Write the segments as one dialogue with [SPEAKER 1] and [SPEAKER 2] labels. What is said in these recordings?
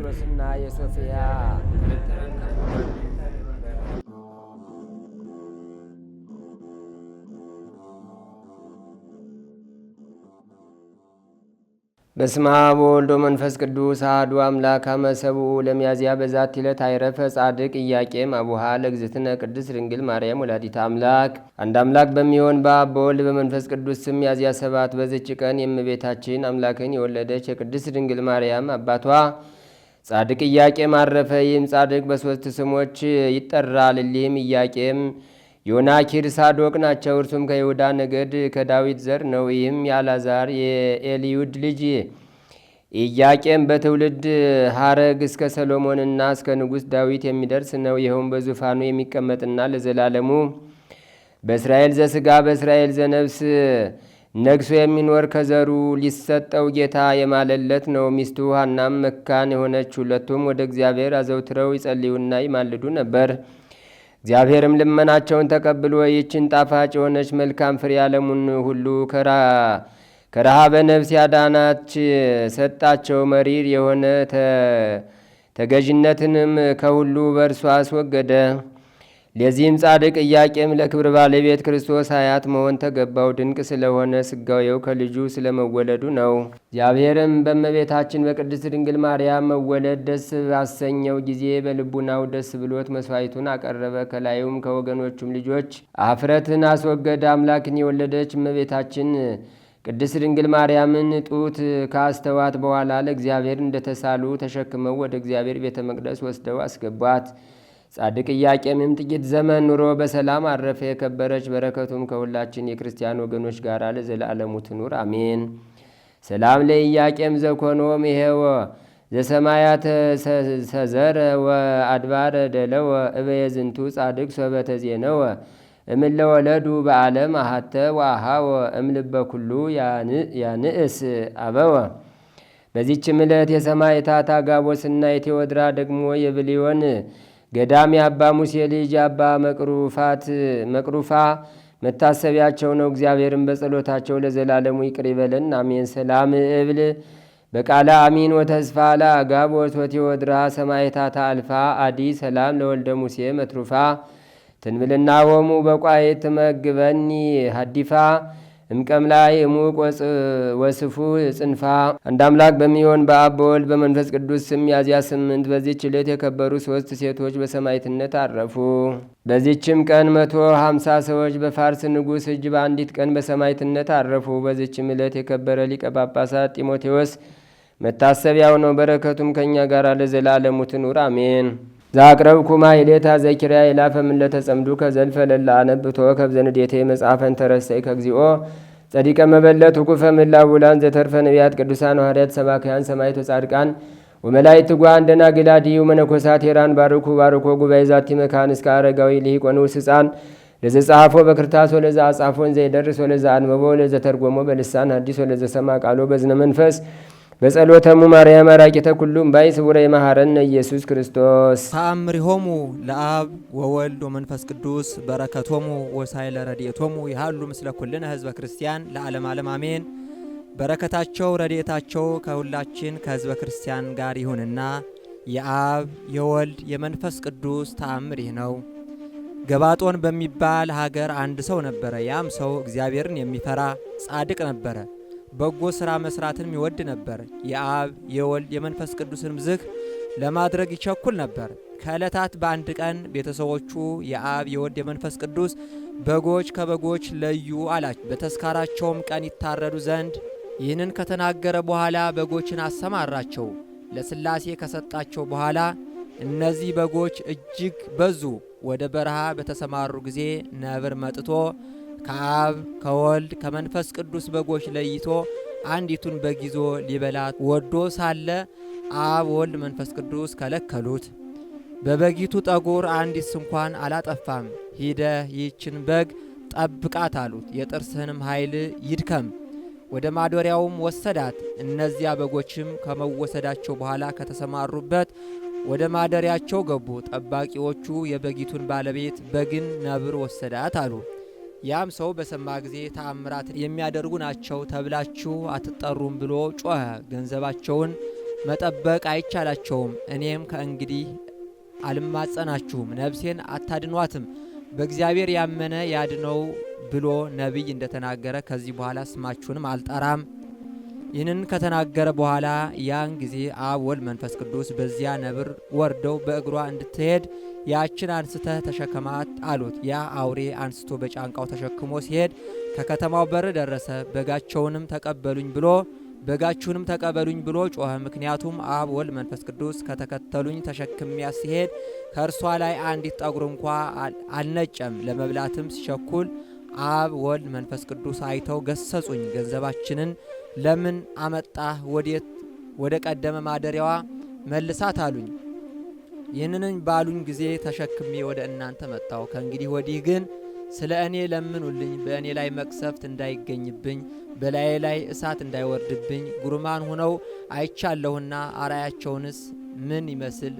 [SPEAKER 1] የጴጥሮስና የሶፊያ በስመ አብ ወወልድ ወመንፈስ ቅዱስ አሐዱ አምላክ። አመሰቡ ለሚያዝያ በዛቲ ዕለት አይረፈ ጻድቅ ኢያቄም አቡሃ ለእግዝእትነ ቅድስት ድንግል ማርያም ወላዲተ አምላክ። አንድ አምላክ በሚሆን በአብ በወልድ በመንፈስ ቅዱስ ስም ሚያዝያ ሰባት በዝች ቀን የእመቤታችን አምላክን የወለደች የቅድስት ድንግል ማርያም አባቷ ጻድቅ ኢያቄም አረፈ። ይህም ጻድቅ በሦስት ስሞች ይጠራል። እሊህም ኢያቄም፣ ዮናኪር፣ ሳዶቅ ናቸው። እርሱም ከይሁዳ ነገድ ከዳዊት ዘር ነው። ይህም የአላዛር የኤልዩድ ልጅ ኢያቄም በትውልድ ሐረግ እስከ ሰሎሞንና እስከ ንጉሥ ዳዊት የሚደርስ ነው። ይኸውም በዙፋኑ የሚቀመጥና ለዘላለሙ በእስራኤል ዘስጋ በእስራኤል ዘነብስ ነግሶ የሚኖር ከዘሩ ሊሰጠው ጌታ የማለለት ነው። ሚስቱ ሐናም መካን የሆነች ሁለቱም ወደ እግዚአብሔር አዘውትረው ይጸልዩና ይማልዱ ነበር። እግዚአብሔርም ልመናቸውን ተቀብሎ ይችን ጣፋጭ የሆነች መልካም ፍሬ ዓለሙን ሁሉ ከረሃበ ነፍስ ያዳናች ሰጣቸው። መሪር የሆነ ተገዥነትንም ከሁሉ በእርሷ አስወገደ። ለዚህም ጻድቅ ኢያቄም ለክብር ባለቤት ክርስቶስ ሀያት መሆን ተገባው። ድንቅ ስለሆነ ስጋዌው ከልጁ ስለመወለዱ ነው። እግዚአብሔርም በእመቤታችን በቅድስት ድንግል ማርያም መወለድ ደስ ባሰኘው ጊዜ በልቡናው ደስ ብሎት መስዋዕቱን አቀረበ። ከላዩም ከወገኖቹም ልጆች አፍረትን አስወገደ። አምላክን የወለደች እመቤታችን ቅድስት ድንግል ማርያምን ጡት ካስተዋት በኋላ ለእግዚአብሔር እንደተሳሉ ተሸክመው ወደ እግዚአብሔር ቤተ መቅደስ ወስደው አስገቧት። ጻድቅ ኢያቄምም ጥቂት ዘመን ኑሮ በሰላም አረፈ። የከበረች በረከቱም ከሁላችን የክርስቲያን ወገኖች ጋር ለዘላለሙ ትኑር አሜን። ሰላም ለኢያቄም ዘኮኖም ይሄወ ዘሰማያት ሰዘረ ወአድባረ ደለወ እበየዝንቱ ጻድቅ ሶበተ ዜነወ እምለወለዱ በዓለም አሃተ ወአሃወ እምልበ ኩሉ ያንእስ አበወ። በዚች ዕለት የሰማዕታት አጋቦስና የቴዎድራ ደግሞ የብሊዮን ገዳም የአባ ሙሴ ልጅ አባ መቅሩፋት መቅሩፋ መታሰቢያቸው ነው። እግዚአብሔርን በጸሎታቸው ለዘላለሙ ይቅር ይበለን። አሜን። ሰላም እብል በቃለ አሚን ወተስፋ ጋቦት ወቴወድራ ሰማይታታ አልፋ አዲ ሰላም ለወልደ ሙሴ መትሩፋ ትንብልና ወሙ በቋይ ትመግበኒ ሀዲፋ እንቀም ላይ እሙቅ ወስፉ ጽንፋ አንድ አምላክ በሚሆን በአብ በወልድ በመንፈስ ቅዱስ ስም ሚያዝያ ስምንት በዚህች ዕለት የከበሩ ሶስት ሴቶች በሰማዕትነት አረፉ። በዚችም ቀን መቶ ሀምሳ ሰዎች በፋርስ ንጉሥ እጅ በአንዲት ቀን በሰማዕትነት አረፉ። በዚችም ዕለት የከበረ ሊቀ ጳጳሳት ጢሞቴዎስ መታሰቢያው ነው። በረከቱም ከእኛ ጋር ለዘላለሙ ትኑር አሜን። ዛቅረብ ኩማ ዘኪርያ ይላፈ ምን ለተጸምዱ ከዘልፈ ለላ አነብቶ ከብዘንዴቴ መጽሐፈን ተረሰይ ከግዚኦ ጸዲቀ መበለት ውቁፈ ምላውላን ዘተርፈ ነቢያት ቅዱሳን ሐዋርያት ሰባክያን ሰማይቶ ጻድቃን ወመላእክት ጓን እንደና አድኅዩ መነኮሳት ሄራን ባርኩ ባርኮ ጉባኤ ዛቲ መካን እስከ አረጋዊ ሊሂቆን ውስ ለዘ ጸሐፎ በክርታስ ወለዘ አጻፎን ዘይደርስ ወለዘ አንበቦ ወለዘ ተርጎሞ በልሳን አዲስ ወለዘ ሰማ ቃሎ በዝነ መንፈስ በጸሎተሙ ማርያም አራቂተ ኩሉም ባይ ስቡረ የመሐረነ ኢየሱስ ክርስቶስ ተአምሪሆሙ ለአብ ወወልድ ወመንፈስ ቅዱስ በረከቶሙ ወሳይለ ለረድኤቶሙ ይሃሉ ምስለ ኩልነ ህዝበ ክርስቲያን ለዓለም ዓለም አሜን። በረከታቸው ረድኤታቸው ከሁላችን ከህዝበ ክርስቲያን ጋር ይሁንና የአብ የወልድ የመንፈስ ቅዱስ ተአምር ይህ ነው። ገባጦን በሚባል ሀገር አንድ ሰው ነበረ። ያም ሰው እግዚአብሔርን የሚፈራ ጻድቅ ነበረ። በጎ ሥራ መሥራትንም ይወድ ነበር። የአብ የወልድ የመንፈስ ቅዱስንም ዝህ ለማድረግ ይቸኩል ነበር። ከዕለታት በአንድ ቀን ቤተሰቦቹ የአብ የወልድ የመንፈስ ቅዱስ በጎች ከበጎች ለዩ አላቸው። በተስካራቸውም ቀን ይታረዱ ዘንድ ይህንን ከተናገረ በኋላ በጎችን አሰማራቸው። ለሥላሴ ከሰጣቸው በኋላ እነዚህ በጎች እጅግ በዙ። ወደ በረሃ በተሰማሩ ጊዜ ነብር መጥቶ ከአብ ከወልድ ከመንፈስ ቅዱስ በጎች ለይቶ አንዲቱን በግ ይዞ ሊበላት ወዶ ሳለ አብ ወልድ መንፈስ ቅዱስ ከለከሉት። በበጊቱ ጠጉር አንዲት ስንኳን አላጠፋም። ሂደ ይህችን በግ ጠብቃት አሉት። የጥርስህንም ኃይል ይድከም። ወደ ማዶሪያውም ወሰዳት። እነዚያ በጎችም ከመወሰዳቸው በኋላ ከተሰማሩበት ወደ ማደሪያቸው ገቡ። ጠባቂዎቹ የበጊቱን ባለቤት በግን ነብር ወሰዳት አሉ። ያም ሰው በሰማ ጊዜ ተአምራት የሚያደርጉ ናቸው ተብላችሁ አትጠሩም ብሎ ጮኸ። ገንዘባቸውን መጠበቅ አይቻላቸውም። እኔም ከእንግዲህ አልማጸናችሁም፣ ነፍሴን አታድኗትም፣ በእግዚአብሔር ያመነ ያድነው ብሎ ነቢይ እንደተናገረ ከዚህ በኋላ ስማችሁንም አልጠራም ይህንን ከተናገረ በኋላ ያን ጊዜ አብ ወልድ መንፈስ ቅዱስ በዚያ ነብር ወርደው በእግሯ እንድትሄድ ያችን አንስተህ ተሸከማት አሉት። ያ አውሬ አንስቶ በጫንቃው ተሸክሞ ሲሄድ ከከተማው በር ደረሰ። በጋቸውንም ተቀበሉኝ ብሎ በጋችሁንም ተቀበሉኝ ብሎ ጮኸ። ምክንያቱም አብ ወልድ መንፈስ ቅዱስ ከተከተሉኝ ተሸክሚያ ሲሄድ ከእርሷ ላይ አንዲት ጠጉር እንኳ አልነጨም። ለመብላትም ሲሸኩል አብ ወልድ መንፈስ ቅዱስ አይተው ገሰጹኝ ገንዘባችንን ለምን አመጣህ? ወዴት ወደ ቀደመ ማደሪያዋ መልሳት አሉኝ። ይህንን ባሉኝ ጊዜ ተሸክሜ ወደ እናንተ መጣሁ። ከእንግዲህ ወዲህ ግን ስለ እኔ ለምኑልኝ፣ በእኔ ላይ መቅሰፍት እንዳይገኝብኝ፣ በላዬ ላይ እሳት እንዳይወርድብኝ። ጉርማን ሆነው አይቻለሁና አራያቸውንስ ምን ይመስል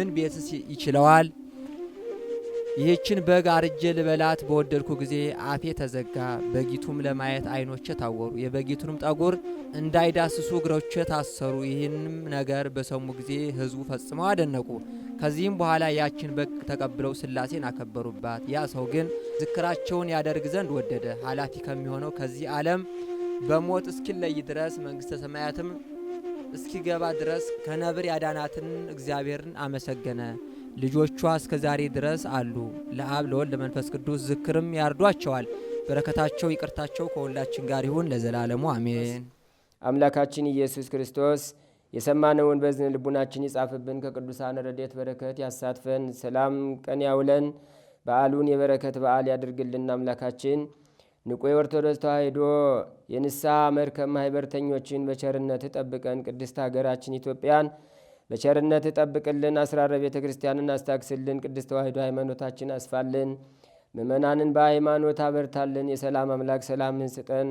[SPEAKER 1] ምን ቤትስ ይችለዋል? ይህችን በግ አርጄ ልበላት በወደድኩ ጊዜ አፌ ተዘጋ፣ በጊቱም ለማየት አይኖቼ ታወሩ፣ የበጊቱንም ጠጉር እንዳይዳስሱ እግሮቼ ታሰሩ። ይህንም ነገር በሰሙ ጊዜ ሕዝቡ ፈጽመው አደነቁ። ከዚህም በኋላ ያችን በግ ተቀብለው ሥላሴን አከበሩባት። ያ ሰው ግን ዝክራቸውን ያደርግ ዘንድ ወደደ። ኃላፊ ከሚሆነው ከዚህ ዓለም በሞት እስኪለይ ድረስ መንግሥተ ሰማያትም እስኪገባ ድረስ ከነብር ያዳናትን እግዚአብሔርን አመሰገነ። ልጆቿ እስከ ዛሬ ድረስ አሉ። ለአብ ለወልድ ለመንፈስ ቅዱስ ዝክርም ያርዷቸዋል። በረከታቸው ይቅርታቸው ከሁላችን ጋር ይሁን ለዘላለሙ አሜን። አምላካችን ኢየሱስ ክርስቶስ የሰማነውን በዝን ልቡናችን ይጻፍብን፣ ከቅዱሳን ረድኤት በረከት ያሳትፈን፣ ሰላም ቀን ያውለን፣ በዓሉን የበረከት በዓል ያድርግልን። አምላካችን ንቁ የኦርቶዶክስ ተዋሕዶ የንስሐ መርከብ ማህበርተኞችን በቸርነት ጠብቀን፣ ቅድስት ሀገራችን ኢትዮጵያን በቸርነት ጠብቅልን። አስራረ ቤተ ክርስቲያንን አስታግስልን፣ ቅድስት ተዋሕዶ ሃይማኖታችን አስፋልን። ምእመናንን በሃይማኖት አበርታልን። የሰላም አምላክ ሰላምን ስጠን።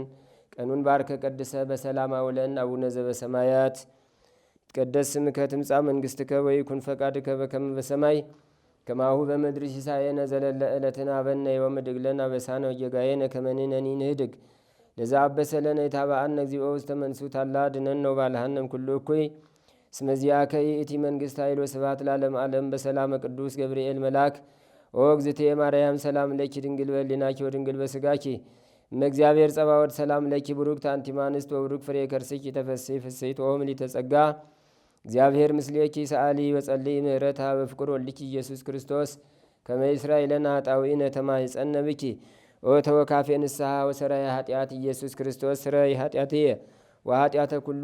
[SPEAKER 1] ቀኑን ባርከ ቀድሰ በሰላም አውለን። አቡነ ዘበሰማያት ይትቀደስ ስምከ ትምጻእ መንግሥትከ ወይኩን ፈቃድከ በከመ በሰማይ ከማሁ በምድር ሲሳየነ ዘለለ ዕለትነ ሀበነ ዮም ወኅድግ ለነ አበሳነ ወጌጋየነ ከመ ንሕነኒ ንኅድግ ለዘ አበሰ ለነ ኢታብአነ እግዚኦ ውስተ መንሱት አላ አድኅነነ ወባልሐነ እምኩሉ እኩይ ስመዚያ ይእቲ መንግስት ኃይሎ ስብሐት ለዓለመ ዓለም በሰላም ቅዱስ ገብርኤል መልአክ ኦግዝቴ ማርያም ሰላም ለኪ ድንግል በሊናኪ ወድንግል በስጋኪ እመእግዚአብሔር ጸባወድ ሰላም ለኪ ብሩክት አንቲ እምአንስት ወብሩክ ፍሬ ከርስኪ ተፈሥሒ ፍሥሕት ኦምሊተ ጸጋ እግዚአብሔር ምስሌኪ ሰአሊ በጸልይ ምህረታ በፍቅር ወልኪ ኢየሱስ ክርስቶስ ከመ ይስራኤለን ኃጣውኢነ ተማኅፀነ ብኪ ኦ ተወካፌ ንስሐ ወሰራይ ኃጢአት ኢየሱስ ክርስቶስ ስረይ ኃጢአትየ ወኃጢአተ ኩሉ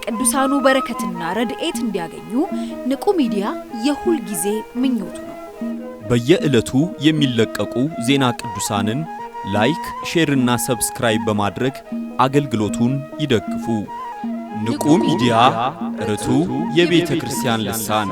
[SPEAKER 2] የቅዱሳኑ በረከትና ረድኤት እንዲያገኙ ንቁ ሚዲያ የሁል ጊዜ ምኞቱ ነው።
[SPEAKER 3] በየዕለቱ የሚለቀቁ ዜና ቅዱሳንን ላይክ፣ ሼርና ሰብስክራይብ በማድረግ አገልግሎቱን ይደግፉ። ንቁ ሚዲያ ርቱ የቤተ ክርስቲያን ልሳን